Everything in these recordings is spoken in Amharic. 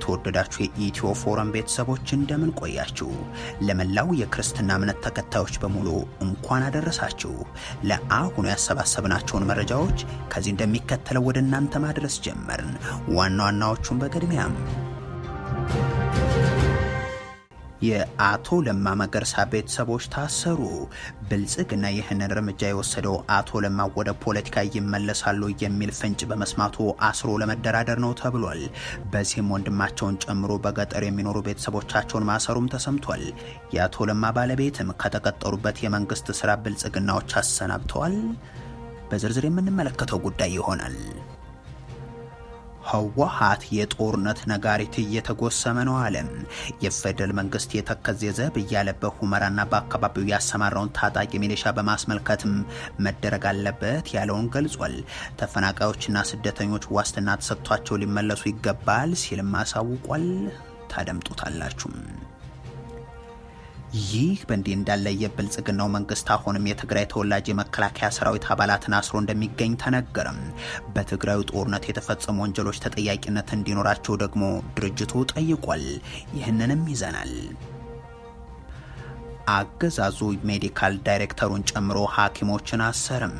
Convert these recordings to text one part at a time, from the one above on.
የተወደዳችሁ የኢትዮ ፎረም ቤተሰቦች እንደምን ቆያችሁ? ለመላው የክርስትና እምነት ተከታዮች በሙሉ እንኳን አደረሳችሁ። ለአሁኑ ያሰባሰብናቸውን መረጃዎች ከዚህ እንደሚከተለው ወደ እናንተ ማድረስ ጀመርን። ዋና ዋናዎቹን በቅድሚያም የአቶ ለማ መገርሳ ቤተሰቦች ታሰሩ። ብልጽግና ይህንን እርምጃ የወሰደው አቶ ለማ ወደ ፖለቲካ ይመለሳሉ የሚል ፍንጭ በመስማቱ አስሮ ለመደራደር ነው ተብሏል። በዚህም ወንድማቸውን ጨምሮ በገጠር የሚኖሩ ቤተሰቦቻቸውን ማሰሩም ተሰምቷል። የአቶ ለማ ባለቤትም ከተቀጠሩበት የመንግስት ስራ ብልጽግናዎች አሰናብተዋል። በዝርዝር የምንመለከተው ጉዳይ ይሆናል። ህወሓት የጦርነት ነጋሪት እየተጎሰመ ነው አለ። የፌደራል መንግስት የተከዜ ዘብ እያለ በሁመራና በአካባቢው ያሰማራውን ታጣቂ ሚሊሻ በማስመልከትም መደረግ አለበት ያለውን ገልጿል። ተፈናቃዮችና ስደተኞች ዋስትና ተሰጥቷቸው ሊመለሱ ይገባል ሲልም አሳውቋል። ታደምጡታላችሁም። ይህ በእንዲህ እንዳለ የብልጽግናው መንግስት አሁንም የትግራይ ተወላጅ የመከላከያ ሰራዊት አባላትን አስሮ እንደሚገኝ ተነገረም። በትግራዩ ጦርነት የተፈጸሙ ወንጀሎች ተጠያቂነት እንዲኖራቸው ደግሞ ድርጅቱ ጠይቋል። ይህንንም ይዘናል። አገዛዙ ሜዲካል ዳይሬክተሩን ጨምሮ ሐኪሞችን አሰርም።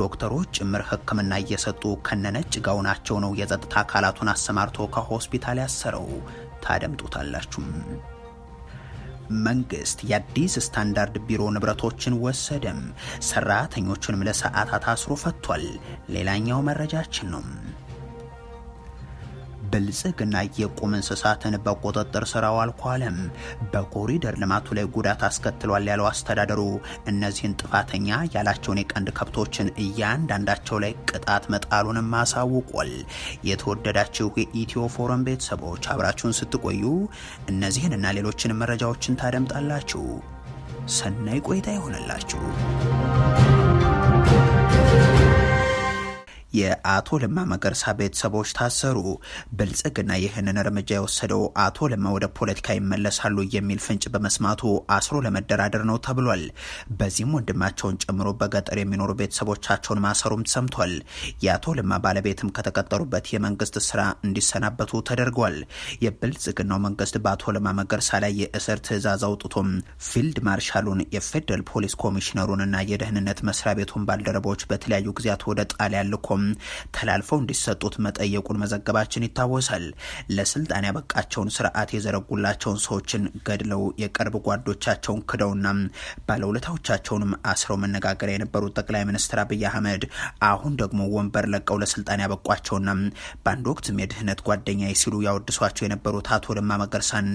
ዶክተሮች ጭምር ሕክምና እየሰጡ ከነነጭ ጋውናቸው ነው የጸጥታ አካላቱን አሰማርቶ ከሆስፒታል ያሰረው። ታደምጡታላችሁም። መንግስት የአዲስ ስታንዳርድ ቢሮ ንብረቶችን ወሰደም፣ ሰራተኞቹንም ለሰዓታት አስሮ ፈቷል። ሌላኛው መረጃችን ነው። ብልጽግና የቁም እንስሳትን በቁጥጥር ስር አዋልኳለም በኮሪደር ልማቱ ላይ ጉዳት አስከትሏል ያለው አስተዳደሩ እነዚህን ጥፋተኛ ያላቸውን የቀንድ ከብቶችን እያንዳንዳቸው ላይ ቅጣት መጣሉንም አሳውቋል። የተወደዳችሁ የኢትዮ ፎረም ቤተሰቦች አብራችሁን ስትቆዩ እነዚህን እና ሌሎችንም መረጃዎችን ታደምጣላችሁ። ሰናይ ቆይታ ይሆንላችሁ። የአቶ ለማ መገርሳ ቤተሰቦች ታሰሩ። ብልጽግና ይህንን እርምጃ የወሰደው አቶ ለማ ወደ ፖለቲካ ይመለሳሉ የሚል ፍንጭ በመስማቱ አስሮ ለመደራደር ነው ተብሏል። በዚህም ወንድማቸውን ጨምሮ በገጠር የሚኖሩ ቤተሰቦቻቸውን ማሰሩም ተሰምቷል። የአቶ ለማ ባለቤትም ከተቀጠሩበት የመንግስት ስራ እንዲሰናበቱ ተደርጓል። የብልጽግናው መንግስት በአቶ ለማ መገርሳ ላይ የእስር ትዕዛዝ አውጥቶም ፊልድ ማርሻሉን የፌዴራል ፖሊስ ኮሚሽነሩንና የደህንነት መስሪያ ቤቱን ባልደረቦች በተለያዩ ጊዜያት ወደ ጣሊያን ልኮም ጭምርም ተላልፈው እንዲሰጡት መጠየቁን መዘገባችን ይታወሳል። ለስልጣን ያበቃቸውን ስርዓት የዘረጉላቸውን ሰዎችን ገድለው የቅርብ ጓዶቻቸውን ክደውና ባለውለታዎቻቸውንም አስረው መነጋገሪያ የነበሩት ጠቅላይ ሚኒስትር አብይ አህመድ አሁን ደግሞ ወንበር ለቀው ለስልጣን ያበቋቸውና በአንድ ወቅትም የድህነት ጓደኛ ሲሉ ያወድሷቸው የነበሩት አቶ ለማ መገርሳን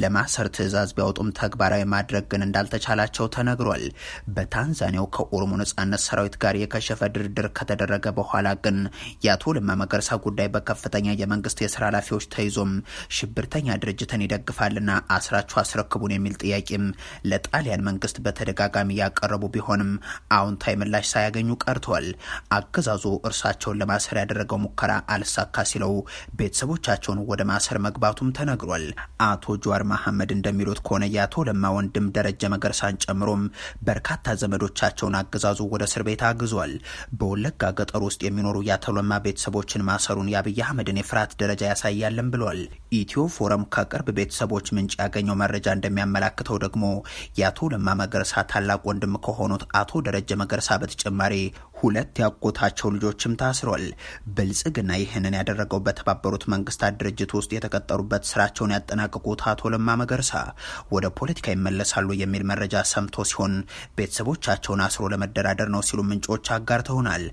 ለማሰር ትዕዛዝ ቢያወጡም ተግባራዊ ማድረግ ግን እንዳልተቻላቸው ተነግሯል። በታንዛኒያው ከኦሮሞ ነጻነት ሰራዊት ጋር የከሸፈ ድርድር ከተደረገ በኋላ በኋላ ግን የአቶ ለማ መገርሳ ጉዳይ በከፍተኛ የመንግስት የስራ ኃላፊዎች ተይዞም ሽብርተኛ ድርጅትን ይደግፋልና አስራችሁ አስረክቡን የሚል ጥያቄም ለጣሊያን መንግስት በተደጋጋሚ ያቀረቡ ቢሆንም አዎንታዊ ምላሽ ሳያገኙ ቀርተዋል። አገዛዙ እርሳቸውን ለማሰር ያደረገው ሙከራ አልሳካ ሲለው ቤተሰቦቻቸውን ወደ ማሰር መግባቱም ተነግሯል። አቶ ጀዋር መሐመድ እንደሚሉት ከሆነ የአቶ ለማ ወንድም ደረጀ መገርሳን ጨምሮም በርካታ ዘመዶቻቸውን አገዛዙ ወደ እስር ቤት አግዟል። በወለጋ ገጠር ውስጥ የ የሚኖሩ የአቶ ለማ ቤተሰቦችን ማሰሩን የአብይ አህመድን የፍርሃት ደረጃ ያሳያልን ብሏል። ኢትዮ ፎረም ከቅርብ ቤተሰቦች ምንጭ ያገኘው መረጃ እንደሚያመላክተው ደግሞ የአቶ ለማ መገርሳ ታላቅ ወንድም ከሆኑት አቶ ደረጀ መገርሳ በተጨማሪ ሁለት ያጎታቸው ልጆችም ታስሯል። ብልጽግና ይህንን ያደረገው በተባበሩት መንግስታት ድርጅት ውስጥ የተቀጠሩበት ስራቸውን ያጠናቀቁት አቶ ለማ መገርሳ ወደ ፖለቲካ ይመለሳሉ የሚል መረጃ ሰምቶ ሲሆን ቤተሰቦቻቸውን አስሮ ለመደራደር ነው ሲሉ ምንጮች አጋርተውናል።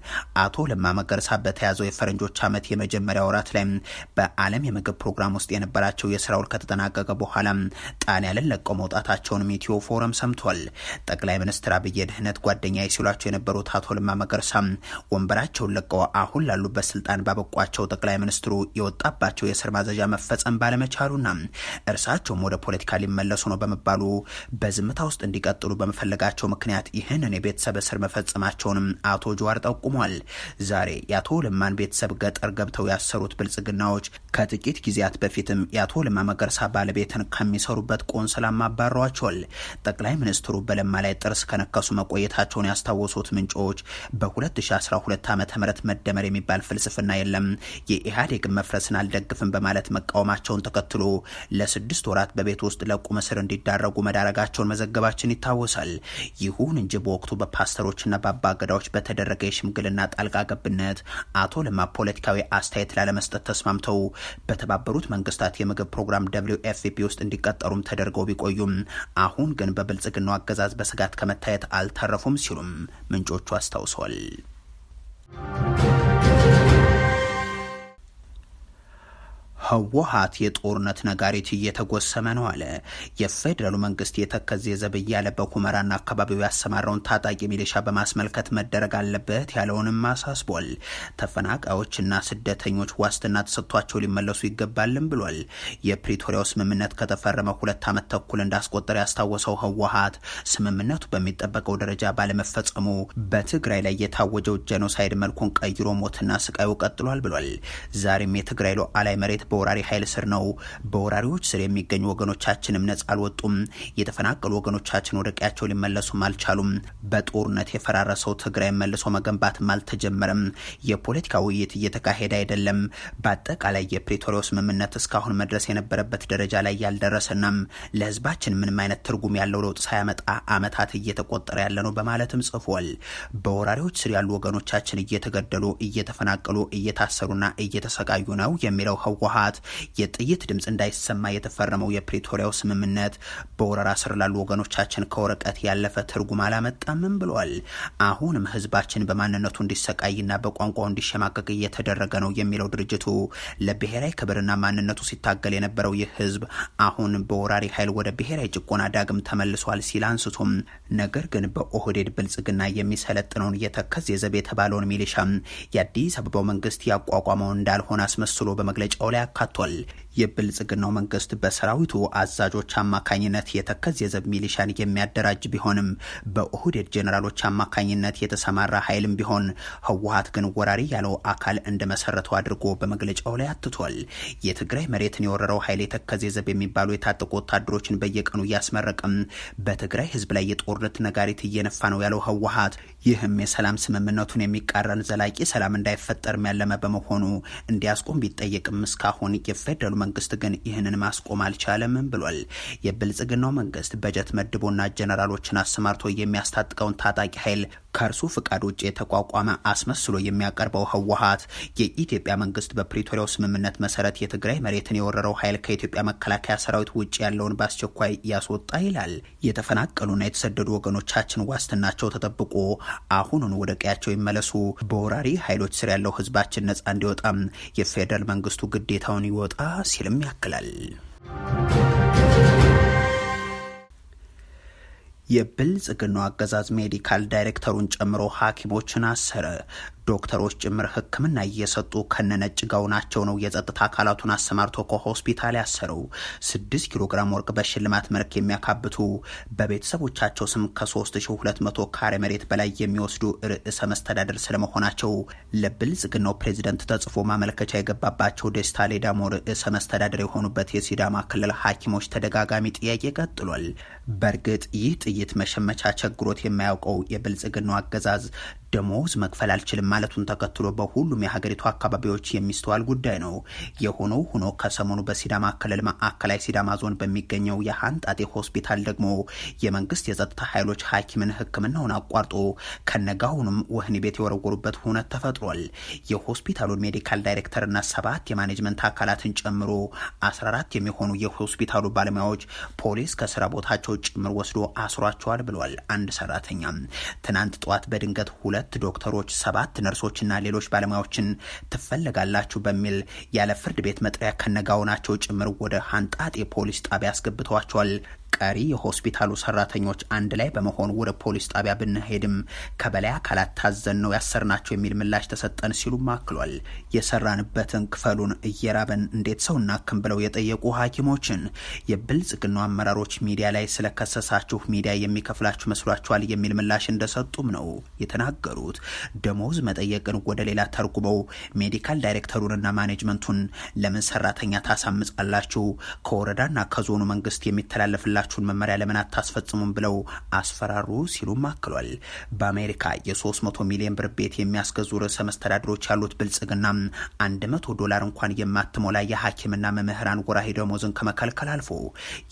አቶ ለማ መገርሳ በተያዘው የፈረንጆች ዓመት የመጀመሪያ ወራት ላይ በዓለም የምግብ ፕሮግራም ውስጥ የነበራቸው የስራ ውል ከተጠናቀቀ በኋላ ጣሊያንን ለቀው መውጣታቸውን ኢትዮ ፎረም ሰምቷል። ጠቅላይ ሚኒስትር አብይ ደህነት ጓደኛ ሲሏቸው የነበሩት አቶ ለማ ገርሳም ወንበራቸውን ለቀው አሁን ላሉበት ስልጣን ባበቋቸው ጠቅላይ ሚኒስትሩ የወጣባቸው የእስር ማዘዣ መፈጸም ባለመቻሉና እርሳቸውም ወደ ፖለቲካ ሊመለሱ ነው በመባሉ በዝምታ ውስጥ እንዲቀጥሉ በመፈለጋቸው ምክንያት ይህንን የቤተሰብ እስር መፈጸማቸውንም አቶ ጀዋር ጠቁሟል። ዛሬ የአቶ ለማን ቤተሰብ ገጠር ገብተው ያሰሩት ብልጽግናዎች ከጥቂት ጊዜያት በፊትም የአቶ ለማ መገርሳ ባለቤትን ከሚሰሩበት ቆንስላ አባረዋቸዋል። ጠቅላይ ሚኒስትሩ በለማ ላይ ጥርስ ከነከሱ መቆየታቸውን ያስታወሱት ምንጮች በ2012 ዓ ም መደመር የሚባል ፍልስፍና የለም፣ የኢህአዴግ መፍረስን አልደግፍም በማለት መቃወማቸውን ተከትሎ ለስድስት ወራት በቤት ውስጥ ለቁም እስር እንዲዳረጉ መዳረጋቸውን መዘገባችን ይታወሳል። ይሁን እንጂ በወቅቱ በፓስተሮችና በአባገዳዎች በተደረገ የሽምግልና ጣልቃ ገብነት አቶ ለማ ፖለቲካዊ አስተያየት ላለመስጠት ተስማምተው በተባበሩት መንግስታት የምግብ ፕሮግራም ደብሊው ኤፍፒ ውስጥ እንዲቀጠሩም ተደርገው ቢቆዩም አሁን ግን በብልጽግናው አገዛዝ በስጋት ከመታየት አልተረፉም ሲሉም ምንጮቹ አስታውሰዋል። ህወሀት የጦርነት ነጋሪት እየተጎሰመ ነው አለ። የፌዴራሉ መንግስት የተከዜ ዘብ እያለ በኩመራና አካባቢው ያሰማራውን ታጣቂ ሚሊሻ በማስመልከት መደረግ አለበት ያለውንም አሳስቧል። ተፈናቃዮችና ስደተኞች ዋስትና ተሰጥቷቸው ሊመለሱ ይገባልም ብሏል። የፕሪቶሪያው ስምምነት ከተፈረመ ሁለት ዓመት ተኩል እንዳስቆጠረ ያስታወሰው ህወሀት ስምምነቱ በሚጠበቀው ደረጃ ባለመፈጸሙ በትግራይ ላይ የታወጀው ጄኖሳይድ መልኩን ቀይሮ ሞትና ስቃዩ ቀጥሏል ብሏል። ዛሬም የትግራይ ሉዓላዊ መሬት በወራሪ ኃይል ስር ነው። በወራሪዎች ስር የሚገኙ ወገኖቻችንም ነጻ አልወጡም። የተፈናቀሉ ወገኖቻችን ወደ ቀያቸው ሊመለሱም አልቻሉም። በጦርነት የፈራረሰው ትግራይ መልሶ መገንባትም አልተጀመረም። የፖለቲካ ውይይት እየተካሄደ አይደለም። በአጠቃላይ የፕሪቶሪያው ስምምነት እስካሁን መድረስ የነበረበት ደረጃ ላይ ያልደረሰናም ለህዝባችን ምንም አይነት ትርጉም ያለው ለውጥ ሳያመጣ አመታት እየተቆጠረ ያለ ነው በማለትም ጽፏል። በወራሪዎች ስር ያሉ ወገኖቻችን እየተገደሉ፣ እየተፈናቀሉ፣ እየታሰሩና እየተሰቃዩ ነው የሚለው ህወሓት ሰዓት የጥይት ድምፅ እንዳይሰማ የተፈረመው የፕሪቶሪያው ስምምነት በወረራ ስር ላሉ ወገኖቻችን ከወረቀት ያለፈ ትርጉም አላመጣምም ብሏል። አሁንም ህዝባችን በማንነቱ እንዲሰቃይና በቋንቋው እንዲሸማቀቅ እየተደረገ ነው የሚለው ድርጅቱ ለብሔራዊ ክብርና ማንነቱ ሲታገል የነበረው ይህ ህዝብ አሁን በወራሪ ኃይል ወደ ብሔራዊ ጭቆና ዳግም ተመልሷል ሲል አንስቶም ነገር ግን በኦህዴድ ብልጽግና የሚሰለጥነውን የተከዝ የዘብ የተባለውን ሚሊሻ የአዲስ አበባው መንግስት ያቋቋመው እንዳልሆነ አስመስሎ በመግለጫው ላይ አካቷል። የብልጽግናው መንግስት በሰራዊቱ አዛዦች አማካኝነት የተከዝ የዘብ ሚሊሻን የሚያደራጅ ቢሆንም በኦህዴድ ጄኔራሎች አማካኝነት የተሰማራ ኃይልም ቢሆን ህወሀት ግን ወራሪ ያለው አካል እንደመሰረተው አድርጎ በመግለጫው ላይ አትቷል። የትግራይ መሬትን የወረረው ኃይል የተከዝ የዘብ የሚባሉ የታጠቁ ወታደሮችን በየቀኑ እያስመረቅም በትግራይ ህዝብ ላይ የጦርነት ነጋሪት እየነፋ ነው ያለው ህወሀት ይህም የሰላም ስምምነቱን የሚቃረን ዘላቂ ሰላም እንዳይፈጠርም ያለመ በመሆኑ እንዲያስቆም ቢጠየቅም እስካሁን የፌደራሉ መንግስት ግን ይህንን ማስቆም አልቻለም ብሏል። የብልጽግናው መንግስት በጀት መድቦና ጀነራሎችን አሰማርቶ የሚያስታጥቀውን ታጣቂ ኃይል ከእርሱ ፍቃድ ውጭ የተቋቋመ አስመስሎ የሚያቀርበው ህወሀት የኢትዮጵያ መንግስት በፕሪቶሪያው ስምምነት መሰረት የትግራይ መሬትን የወረረው ኃይል ከኢትዮጵያ መከላከያ ሰራዊት ውጭ ያለውን በአስቸኳይ ያስወጣ ይላል። የተፈናቀሉና የተሰደዱ ወገኖቻችን ዋስትናቸው ተጠብቆ አሁኑን ወደ ቀያቸው ይመለሱ፣ በወራሪ ኃይሎች ስር ያለው ህዝባችን ነጻ እንዲወጣም የፌዴራል መንግስቱ ግዴታውን ይወጣ ሲልም ያክላል። የብልጽግናው አገዛዝ ሜዲካል ዳይሬክተሩን ጨምሮ ሐኪሞችን አሰረ። ዶክተሮች ጭምር ሕክምና እየሰጡ ከነነጭ ጋውናቸው ነው የጸጥታ አካላቱን አሰማርቶ ከሆስፒታል ያሰረው። ስድስት ኪሎ ግራም ወርቅ በሽልማት መልክ የሚያካብቱ በቤተሰቦቻቸው ስም ከ3200 ካሬ መሬት በላይ የሚወስዱ ርዕሰ መስተዳደር ስለመሆናቸው ለብልጽግናው ፕሬዚደንት ተጽፎ ማመልከቻ የገባባቸው ደስታ ሌዳሞ ርዕሰ መስተዳደር የሆኑበት የሲዳማ ክልል ሐኪሞች ተደጋጋሚ ጥያቄ ቀጥሏል። በእርግጥ ይህ ጥይት መሸመቻ ቸግሮት የማያውቀው የብልጽግናው አገዛዝ ደሞዝ መክፈል አልችልም ማለቱን ተከትሎ በሁሉም የሀገሪቱ አካባቢዎች የሚስተዋል ጉዳይ ነው። የሆነው ሆኖ ከሰሞኑ በሲዳማ ክልል ማዕከላዊ ሲዳማ ዞን በሚገኘው የሀንጣጤ ሆስፒታል ደግሞ የመንግስት የጸጥታ ኃይሎች ሐኪምን ሕክምናውን አቋርጦ ከነጋሁኑም ወህኒ ቤት የወረወሩበት ሁነት ተፈጥሯል። የሆስፒታሉን ሜዲካል ዳይሬክተርና ሰባት የማኔጅመንት አካላትን ጨምሮ 14 የሚሆኑ የሆስፒታሉ ባለሙያዎች ፖሊስ ከስራ ቦታቸው ጭምር ወስዶ አስሯቸዋል ብሏል። አንድ ሰራተኛ ትናንት ጠዋት በድንገት ሁለት ዶክተሮች ሰባት ነርሶችና ሌሎች ባለሙያዎችን ትፈለጋላችሁ በሚል ያለ ፍርድ ቤት መጥሪያ ከነጋውናቸው ጭምር ወደ ሀንጣጤ ፖሊስ ጣቢያ አስገብተዋቸዋል። ቀሪ የሆስፒታሉ ሰራተኞች አንድ ላይ በመሆን ወደ ፖሊስ ጣቢያ ብንሄድም ከበላይ አካላት ታዘን ነው ያሰርናቸው የሚል ምላሽ ተሰጠን ሲሉም አክሏል። የሰራንበትን ክፈሉን እየራበን እንዴት ሰው እናክም ብለው የጠየቁ ሐኪሞችን የብልጽግና አመራሮች ሚዲያ ላይ ስለከሰሳችሁ ሚዲያ የሚከፍላችሁ መስሏችኋል የሚል ምላሽ እንደሰጡም ነው የተናገሩት። ደሞዝ መጠየቅን ወደ ሌላ ተርጉመው ሜዲካል ዳይሬክተሩንና ማኔጅመንቱን ለምን ሰራተኛ ታሳምጻላችሁ? ከወረዳና ከዞኑ መንግስት የሚተላለፍላ የጣላችሁን መመሪያ ለምን አታስፈጽሙም ብለው አስፈራሩ ሲሉም አክሏል። በአሜሪካ የ300 ሚሊዮን ብር ቤት የሚያስገዙ ርዕሰ መስተዳድሮች ያሉት ብልጽግና 100 ዶላር እንኳን የማትሞላ የሐኪምና መምህራን ወራሂ ደሞዝን ከመከልከል አልፎ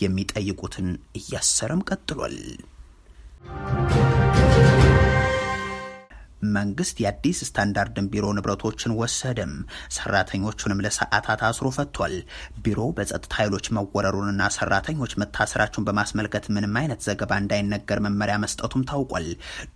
የሚጠይቁትን እያሰረም ቀጥሏል። መንግስት የአዲስ ስታንዳርድን ቢሮ ንብረቶችን ወሰደም ሰራተኞቹንም ለሰዓታት አስሮ ፈቷል። ቢሮው በጸጥታ ኃይሎች መወረሩንና ሰራተኞች መታሰራቸውን በማስመልከት ምንም አይነት ዘገባ እንዳይነገር መመሪያ መስጠቱም ታውቋል።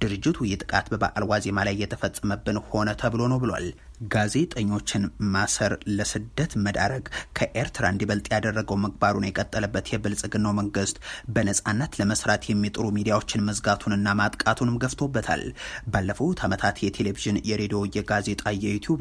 ድርጅቱ ይህ ጥቃት በበዓል ዋዜማ ላይ የተፈጸመብን ሆነ ተብሎ ነው ብሏል። ጋዜጠኞችን ማሰር፣ ለስደት መዳረግ ከኤርትራ እንዲበልጥ ያደረገው ምግባሩን የቀጠለበት የብልጽግናው መንግስት በነጻነት ለመስራት የሚጥሩ ሚዲያዎችን መዝጋቱንና ማጥቃቱንም ገፍቶበታል። ባለፉት ዓመታት የቴሌቪዥን፣ የሬዲዮ፣ የጋዜጣ፣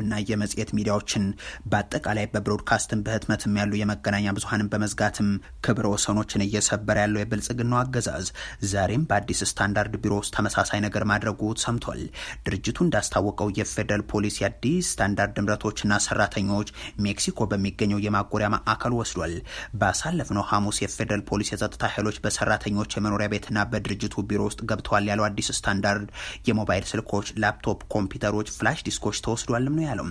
እና የመጽሔት ሚዲያዎችን በአጠቃላይ በብሮድካስትም በህትመትም ያሉ የመገናኛ ብዙሀንን በመዝጋትም ክብረ ወሰኖችን እየሰበረ ያለው የብልጽግናው አገዛዝ ዛሬም በአዲስ ስታንዳርድ ቢሮ ውስጥ ተመሳሳይ ነገር ማድረጉ ሰምቷል። ድርጅቱ እንዳስታወቀው የፌዴራል ፖሊስ የአዲስ ስታንዳርድ ንብረቶችና ሰራተኞች ሜክሲኮ በሚገኘው የማጎሪያ ማዕከል ወስዷል። ባሳለፍነው ሐሙስ የፌዴራል ፖሊስ የጸጥታ ኃይሎች በሰራተኞች የመኖሪያ ቤትና በድርጅቱ ቢሮ ውስጥ ገብተዋል ያለው አዲስ ስታንዳርድ የሞባይል ስልኮች፣ ላፕቶፕ ኮምፒውተሮች፣ ፍላሽ ዲስኮች ተወስዷልም ነው ያለው።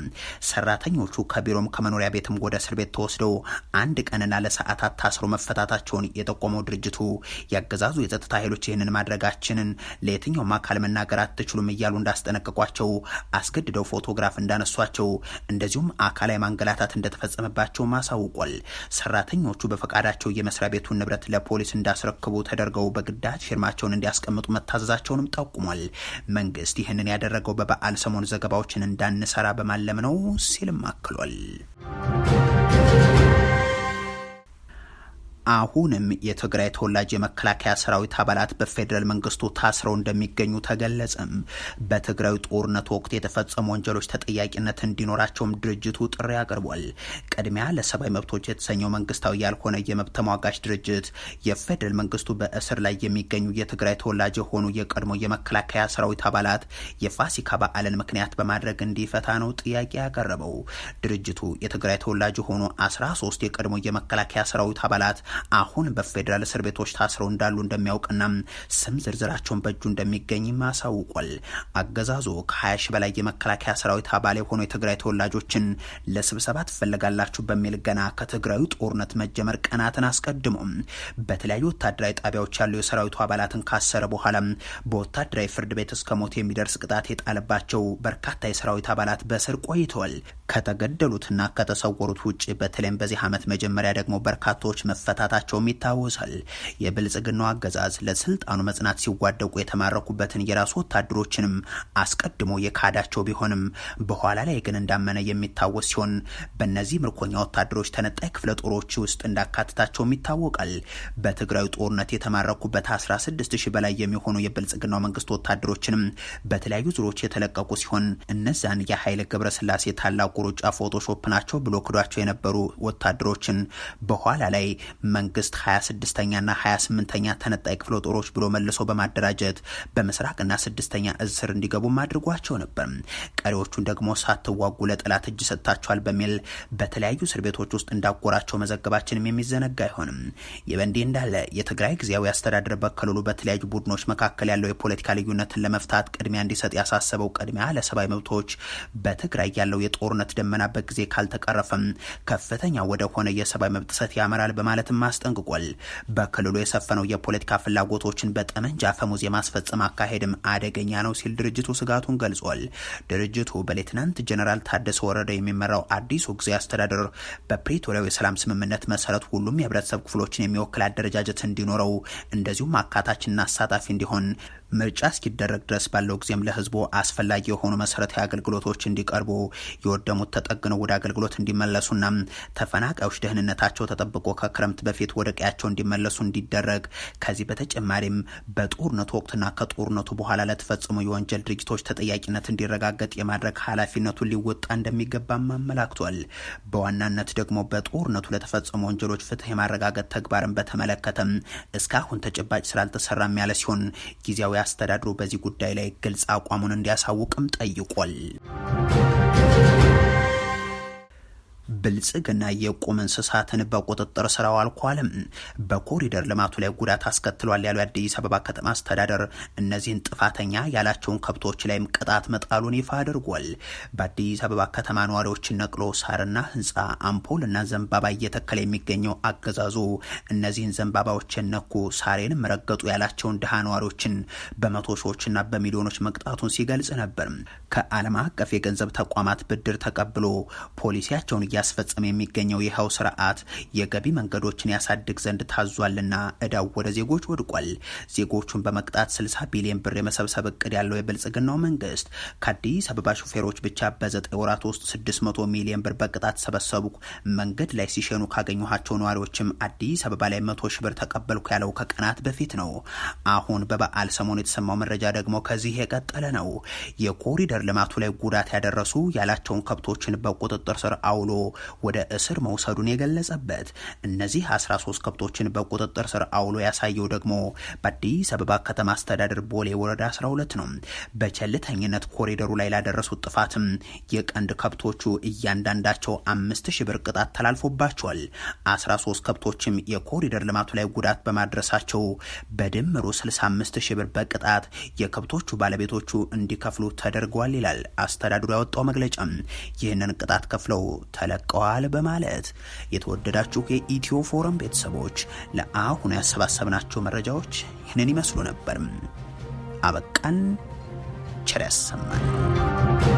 ሰራተኞቹ ከቢሮም ከመኖሪያ ቤትም ወደ እስር ቤት ተወስደው አንድ ቀንና ለሰዓታት ታስሮ መፈታታቸውን የጠቆመው ድርጅቱ ያገዛዙ የጸጥታ ኃይሎች ይህንን ማድረጋችንን ለየትኛውም አካል መናገር አትችሉም እያሉ እንዳስጠነቀቋቸው አስገድደው ፎቶግራፍ እንዳነ እንዳስነሷቸው እንደዚሁም አካላዊ ማንገላታት እንደተፈጸመባቸው ማሳውቋል። ሰራተኞቹ በፈቃዳቸው የመስሪያ ቤቱን ንብረት ለፖሊስ እንዳስረክቡ ተደርገው በግዳጅ ፊርማቸውን እንዲያስቀምጡ መታዘዛቸውንም ጠቁሟል። መንግስት ይህንን ያደረገው በበዓል ሰሞን ዘገባዎችን እንዳንሰራ በማለም ነው ሲልም አክሏል። አሁንም የትግራይ ተወላጅ የመከላከያ ሰራዊት አባላት በፌዴራል መንግስቱ ታስረው እንደሚገኙ ተገለጸም። በትግራዩ ጦርነት ወቅት የተፈጸሙ ወንጀሎች ተጠያቂነት እንዲኖራቸውም ድርጅቱ ጥሪ አቅርቧል። ቅድሚያ ለሰብአዊ መብቶች የተሰኘው መንግስታዊ ያልሆነ የመብት ተሟጋች ድርጅት የፌዴራል መንግስቱ በእስር ላይ የሚገኙ የትግራይ ተወላጅ የሆኑ የቀድሞ የመከላከያ ሰራዊት አባላት የፋሲካ በዓልን ምክንያት በማድረግ እንዲፈታ ነው ጥያቄ ያቀረበው። ድርጅቱ የትግራይ ተወላጅ የሆኑ 13 የቀድሞ የመከላከያ ሰራዊት አባላት አሁን በፌዴራል እስር ቤቶች ታስረው እንዳሉ እንደሚያውቅና ስም ዝርዝራቸውን በእጁ እንደሚገኝ ማሳውቋል። አገዛዙ ከ20 ሺ በላይ የመከላከያ ሰራዊት አባል የሆኑ የትግራይ ተወላጆችን ለስብሰባ ትፈልጋላችሁ በሚል ገና ከትግራዩ ጦርነት መጀመር ቀናትን አስቀድሞ በተለያዩ ወታደራዊ ጣቢያዎች ያሉ የሰራዊቱ አባላትን ካሰረ በኋላ በወታደራዊ ፍርድ ቤት እስከ ሞት የሚደርስ ቅጣት የጣለባቸው በርካታ የሰራዊት አባላት በስር ቆይተዋል። ከተገደሉትና ከተሰወሩት ውጭ በተለይም በዚህ ዓመት መጀመሪያ ደግሞ በርካታዎች መፈታ መነሳታቸውም ይታወሳል። የብልጽግናው አገዛዝ ለስልጣኑ መጽናት ሲዋደቁ የተማረኩበትን የራሱ ወታደሮችንም አስቀድሞ የካዳቸው ቢሆንም በኋላ ላይ ግን እንዳመነ የሚታወስ ሲሆን በእነዚህ ምርኮኛ ወታደሮች ተነጣይ ክፍለ ጦሮች ውስጥ እንዳካትታቸውም ይታወቃል። በትግራዩ ጦርነት የተማረኩበት 16 ሺህ በላይ የሚሆኑ የብልጽግናው መንግስት ወታደሮችንም በተለያዩ ዙሮች የተለቀቁ ሲሆን እነዛን የኃይለ ገብረስላሴ ታላቁ ሩጫ ፎቶሾፕ ናቸው ብሎ ክዷቸው የነበሩ ወታደሮችን በኋላ ላይ መንግስት 26ኛና 28ኛ ተነጣይ ክፍለ ጦሮች ብሎ መልሶ በማደራጀት በምስራቅና ስድስተኛ እዝ ስር እንዲገቡም አድርጓቸው ነበር። ቀሪዎቹን ደግሞ ሳትዋጉ ለጠላት እጅ ሰጥታቸዋል በሚል በተለያዩ እስር ቤቶች ውስጥ እንዳጎራቸው መዘገባችንም የሚዘነጋ አይሆንም። ይህ በእንዲህ እንዳለ የትግራይ ጊዜያዊ አስተዳደር በክልሉ በተለያዩ ቡድኖች መካከል ያለው የፖለቲካ ልዩነትን ለመፍታት ቅድሚያ እንዲሰጥ ያሳሰበው ቅድሚያ ለሰብአዊ መብቶች በትግራይ ያለው የጦርነት ደመናበት ጊዜ ካልተቀረፈም ከፍተኛ ወደ ሆነ የሰብአዊ መብት ጥሰት ያመራል በማለትም አስጠንቅቋል። በክልሉ የሰፈነው የፖለቲካ ፍላጎቶችን በጠመንጃ አፈሙዝ የማስፈጸም አካሄድም አደገኛ ነው ሲል ድርጅቱ ስጋቱን ገልጿል። ድርጅቱ በሌትናንት ጀነራል ታደሰ ወረደ የሚመራው አዲሱ ጊዜ አስተዳደር በፕሪቶሪያው የሰላም ስምምነት መሰረት ሁሉም የህብረተሰብ ክፍሎችን የሚወክል አደረጃጀት እንዲኖረው እንደዚሁም አካታችና አሳታፊ እንዲሆን ምርጫ እስኪደረግ ድረስ ባለው ጊዜም ለህዝቡ አስፈላጊ የሆኑ መሰረታዊ አገልግሎቶች እንዲቀርቡ የወደሙት ተጠግነው ወደ አገልግሎት እንዲመለሱና ተፈናቃዮች ደህንነታቸው ተጠብቆ ከክረምት በፊት ወደ ቀያቸው እንዲመለሱ እንዲደረግ ከዚህ በተጨማሪም በጦርነቱ ወቅትና ከጦርነቱ በኋላ ለተፈጸሙ የወንጀል ድርጊቶች ተጠያቂነት እንዲረጋገጥ የማድረግ ኃላፊነቱን ሊወጣ እንደሚገባም አመላክቷል። በዋናነት ደግሞ በጦርነቱ ለተፈጸሙ ወንጀሎች ፍትህ የማረጋገጥ ተግባርን በተመለከተም እስካሁን ተጨባጭ ስራ አልተሰራም ያለ ሲሆን ጊዜያዊ ጊዜያዊ አስተዳድሩ በዚህ ጉዳይ ላይ ግልጽ አቋሙን እንዲያሳውቅም ጠይቋል። ብልጽግና የቁም እንስሳትን በቁጥጥር ስር አዋልኳልም በኮሪደር ልማቱ ላይ ጉዳት አስከትሏል ያሉ የአዲስ አበባ ከተማ አስተዳደር እነዚህን ጥፋተኛ ያላቸውን ከብቶች ላይም ቅጣት መጣሉን ይፋ አድርጓል። በአዲስ አበባ ከተማ ነዋሪዎችን ነቅሎ ሳርና ህንፃ አምፖልና ዘንባባ እየተከለ የሚገኘው አገዛዙ እነዚህን ዘንባባዎችን ነኩ፣ ሳሬንም ረገጡ ያላቸውን ድሃ ነዋሪዎችን በመቶ ሺዎችና በሚሊዮኖች መቅጣቱን ሲገልጽ ነበር። ከዓለም አቀፍ የገንዘብ ተቋማት ብድር ተቀብሎ ፖሊሲያቸውን እያስፈጸመ የሚገኘው ይኸው ስርዓት የገቢ መንገዶችን ያሳድግ ዘንድ ታዟልና እዳው ወደ ዜጎች ወድቋል። ዜጎቹን በመቅጣት 60 ቢሊዮን ብር የመሰብሰብ እቅድ ያለው የብልጽግናው መንግስት ከአዲስ አበባ ሾፌሮች ብቻ በዘጠኝ ወራት ውስጥ 600 ሚሊዮን ብር በቅጣት ሰበሰቡ፣ መንገድ ላይ ሲሸኑ ካገኘኋቸው ነዋሪዎችም አዲስ አበባ ላይ መቶ ሺ ብር ተቀበልኩ ያለው ከቀናት በፊት ነው። አሁን በበዓል ሰሞኑ የተሰማው መረጃ ደግሞ ከዚህ የቀጠለ ነው። የኮሪደር ልማቱ ላይ ጉዳት ያደረሱ ያላቸውን ከብቶችን በቁጥጥር ስር አውሎ ወደ እስር መውሰዱን የገለጸበት እነዚህ 13 ከብቶችን በቁጥጥር ስር አውሎ ያሳየው ደግሞ በአዲስ አበባ ከተማ አስተዳደር ቦሌ ወረዳ 12 ነው። በቸልተኝነት ኮሪደሩ ላይ ላደረሱት ጥፋትም የቀንድ ከብቶቹ እያንዳንዳቸው አምስት ሺህ ብር ቅጣት ተላልፎባቸዋል። 13 ከብቶችም የኮሪደር ልማቱ ላይ ጉዳት በማድረሳቸው በድምሩ 65 ሺህ ብር በቅጣት የከብቶቹ ባለቤቶቹ እንዲከፍሉ ተደርገዋል ይላል አስተዳደሩ ያወጣው መግለጫ። ይህንን ቅጣት ከፍለው ተለ ለቀዋል በማለት የተወደዳችሁ የኢትዮ ፎረም ቤተሰቦች ለአሁን ያሰባሰብናቸው መረጃዎች ይህንን ይመስሉ ነበር። አበቃን። ቸር ያሰማል።